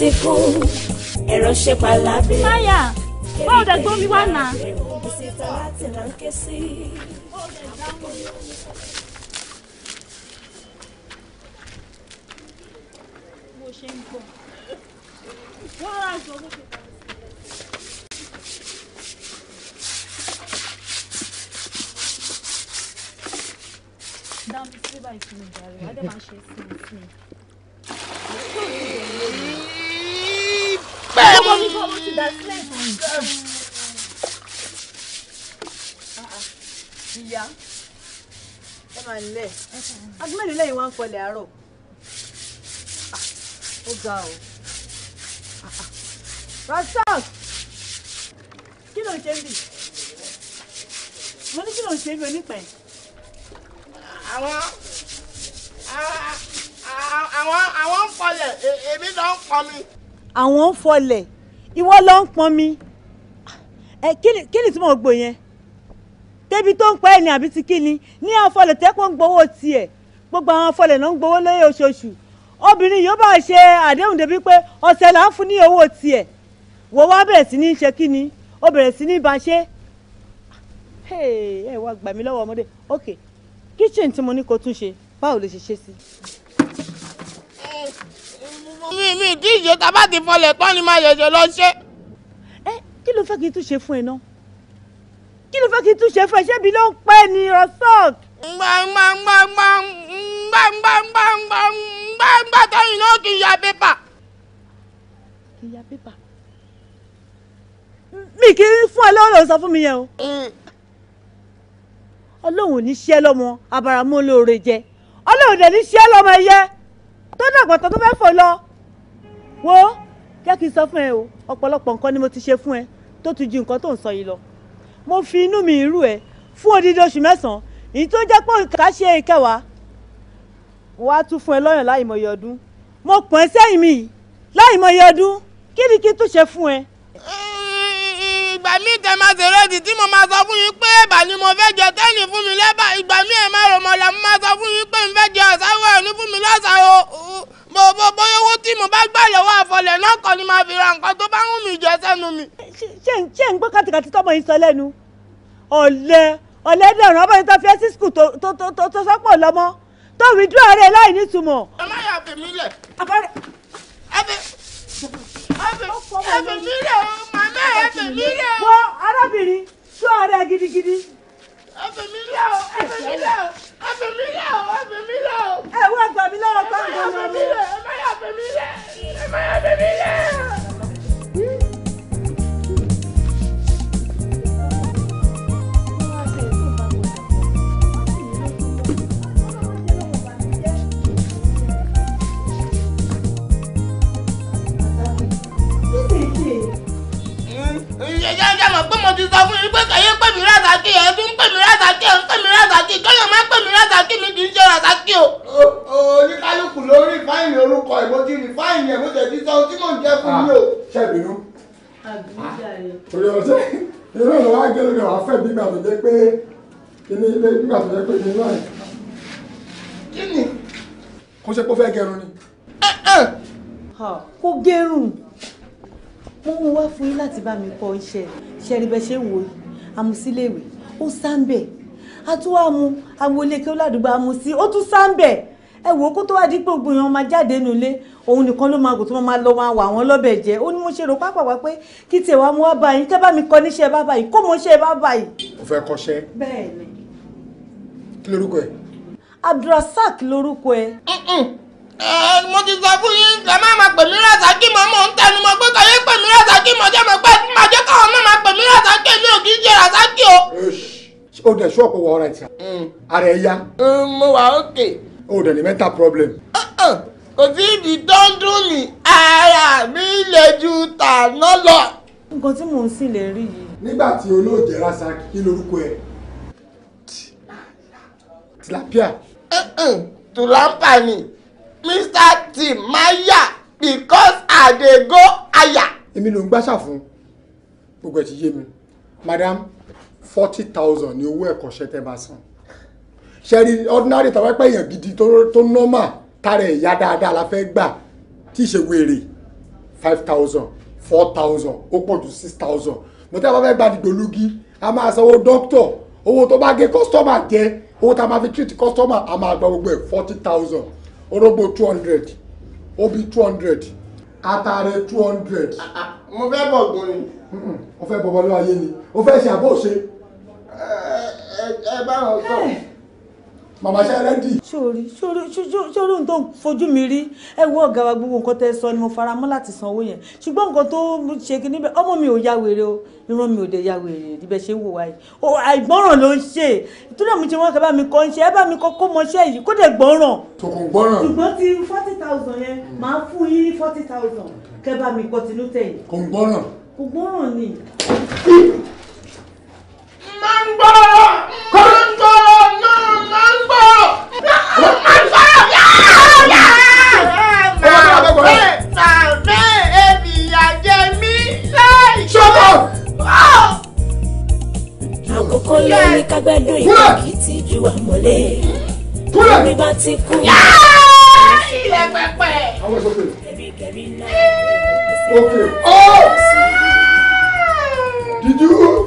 ti fún ẹ̀rọ ṣe palábẹ́. Máyà, báwo dẹ̀ tó mi wá nà? Dá mi sí báyìí fún mi jàre, wàá máa ṣe sí mi sí mi. ọmọ mi kọ́ mo ti dà sílẹ̀ ìfọ̀n. ẹ máa lẹ̀ agbẹ́lú lẹ́yìn wá ń àárọ̀ ó ga o Rasaq kí ló ń ṣe ń mo ní kí ló ń ṣe ń onípẹ̀. àwọn àwọn àwọn ń fọlẹ̀ èmi náà ń pọnmi. àwọn ń fọlẹ̀ ìwọ ló ń pọn mi ẹ kí ni tí mo gbọ́ yẹn débi tó ń pẹ́ ẹni àbí ti kí ni ní afọlẹ̀ tẹ́kọ̀ ń gbowó tiẹ̀ gbogbo àwọn afọlẹ̀ náà ń gbowó lóye oṣooṣù obìnrin yóò bá ṣe àdéhùn débi pé ọ̀sẹ̀ là ń fún ní owó tiẹ̀ wò wá bẹ̀rẹ̀ sí ní ṣe kí ni ó bẹ̀rẹ̀ sí ní ìbáṣe ẹ wá gbà mí lọ́wọ́ ọmọdé ok kitchen tí mo ní kó tún ṣe báwo lè ṣe ṣe sí i mi mi tí ì ṣe tá a bá ti fọlẹ̀ tán ni máa ṣẹ̀ṣẹ̀ lọ ṣe. ẹ kí ló fẹ́ kí n tún ṣe fún ẹ náà kí ló fẹ́ kí n tún ṣe fún ẹ ṣé ibi ló ń pẹ́ ni rosalt. gbàngbàngbàngbàngbàngbàngbà tẹ́yìn náà kì í ya pépà. kì í ya pépà mi kì í fún ẹ lọ́rọ̀ sọ fún mi yẹn o. ọlọ́run ò ní ṣẹ́ lọ́mọ abàràmọ́ olóore jẹ ọlọ́run dẹ̀ ní ṣẹ́ lọ́mọ ẹyẹ tó dàgbọ̀tàn tó fẹ́ fò lọ wo jẹ́ kí n sọ fún ẹ o ọ̀pọ̀lọpọ̀ nǹkan ni mo ti ṣe fún ẹ tó ti ju nǹkan tó ń sọ yìí lọ mo fi inú mi rú ẹ fún odidi oṣù mẹ́sàn-án èyí tó jẹ́ pé òkà ṣe ìkẹwàá wàá tún fún ẹ lọ́yàn láìmọye ọdún mo pọ̀n ẹ́ sẹ́yìn mi láìmọye ọdún kí ni kí n tún ṣe fún ẹ. ìgbà mi tẹ máa ṣèrè èdè tí mo máa sọ fún yín pé ẹ̀bà ni mo fẹ́ jẹ tẹ́lẹ̀ fún mi lẹ́bà ìgbà mi ẹ̀ máa rò mọ̀lá mo máa sọ fún yín bó bóyá owó tí mo bá gbà lọ́wọ́ àfọlẹ̀ náà kọ́ ni màá fi ra nǹkan tó bá wù mí jẹ sẹ́nu mi. ṣé ń gbọ́ kàtìkàtì tọ́mọ yìí sọ lẹ́nu ọ̀lẹ ọ̀lẹ dẹ̀rùn ọmọ yìí tó fi ẹ́ sí skul tó sọ́pọ̀ lọ́mọ tó rí dúró rẹ̀ láì nítumọ̀. ẹ má yà fi mí lẹ̀. abẹ́rẹ́ ẹbí ẹbí mi lẹ̀ o màmá ẹbí mi lẹ̀ o. wọ arábìnrin tó ara gidigidi. ẹbí mi lẹ̀ o ẹbí mi lẹ̀ o ẹbí mi lẹ̀ o ẹbí mi lẹ̀ o. ẹ wá gbà mí lọ́rọ̀ pàǹgà náà. Rasaki o. oníkálukú ló rí fáìlì orúkọ ìbòjì rí fáìlì ẹ̀ bó tẹ̀ títọ́ tí mò ń ah, jẹ́ fún mi o. ṣẹ́bìrú. olùyọ̀rọ̀ sẹ́ inú ọ̀nà wa gẹ́gẹ́ bí wàá fẹ́ bí gbà tó jẹ́ pé kíní ilé gbà tó jẹ́ pé kíní láì. kí ni. kó ṣe pé ó fẹ́ gẹrun ni. kó gẹrun mo mú wá fún yín láti bá mi kọ iṣẹ́ ṣẹ́ribẹ́ṣẹ́ wò yìí àmúsílẹ̀wé ó sáńbẹ̀ àtúwà mu àwọn olékè ládùúgbò àmú sí ó tún sáńbẹ̀ ẹ wò ó kó tó wá dípò gbìyànjú máa jáde nulẹ̀ òun nìkan ló máa gùn tó máa lọ máa wà wọ́n lọ́bẹ̀ jẹ́ ó ní mo ṣe rò pápá wá pé kí tiẹ̀ wá mú wá báyìí kẹ́ bá mi kọ́ níṣẹ́ bá báyìí kó mo ṣe bá báyìí. o fẹ́ kọ́ṣẹ́. bẹ́ẹ̀ni. kí lorúkọ ẹ. abdulrasaq lorúkọ ẹ eh, mo ti sọ fún yín ẹ má máa pè mí Rasaki mọ́ mò ń tẹnu mọ́ pé kàyé pè mí Rasaki mọ́ jẹ́ mọ́ pé màjẹ́ káwọn má máa pè mí Rasaki mi ò kì í ṣe Rasaki o o dẹ̀ ṣọ́ ọ̀pọ̀ wọ ọ̀rẹ́ ìtì mm. ara ẹ̀ yá. Mm, mo wà òkè. o dẹ̀ ní mental problem. Uh-uh. kò sí ìdí tó ń dùn mí ara mi lè ju tàná lọ. nǹkan tí mò ń sì lè rí yìí. nígbà tí olóòjẹ rasa kí lorúkọ ẹ. tilapia. Uh-uh. tùlápà ni mr t maya because i dey go aya. èmi ló ń gbàṣà fún gbogbo ẹ̀ ti yé mi madam forty thousand ni owó ẹ̀kọ́ṣẹ́ tẹ́ bá san ṣẹ́rí ordinary tàwọn ẹ̀pẹ́ èèyàn gidi tó normal tára ẹ̀yà dáadáa la fẹ́ gbà tí ì ṣe wèrè five thousand four thousand ó pọ̀ ju six thousand mo tẹ́ bá fẹ́ gba dìgbòlugi a máa sanwó dókítọ̀ owó tó bá gé kọ́sítọ́mà jẹ owó tá a máa fi treat kọ́sítọ́mà a máa gba gbogbo ẹ̀ forty thousand orógbó two hundred Obi two hundred atare two hundred. Ah, ah, mo fẹ́ bọ̀ gbọ́n ni. o fẹ́ bọ̀ bọ́ lọ́wọ́ ayé ni o fẹ́ ṣe àbọ̀ ṣe ẹ bá wọn sọ màmá ṣe rẹ́dì. sórí sórí sórí ohun tó ń fojú mi rí ẹ wo ọ̀gá wa gbogbo nǹkan tẹ́ sọ ni mo fara mọ́ láti sanwó yẹn ṣùgbọ́n nǹkan tó ṣe kí níbẹ̀ ọmọ mi ò ya wèrè o irun mi ò dé ya wèrè níbẹ̀ ṣe wò wáyé o àìgbọ́ràn ló ń ṣe ìtúndà mi ṣe wọ́n kẹ́ bá mi kọ́ ń ṣe ẹ bá mi kọ́ kó mọṣẹ́ yìí kó dẹ̀ gbọ́ràn. tòkò gbọ́ràn. ṣùgbọ́n ti forty thousand yẹn máa fún yín kò gbọ́ràn. kò lè kúrò mi bá ti kú. ilẹ̀ pẹpẹ. àwọn sọ náà. ok. oh did you.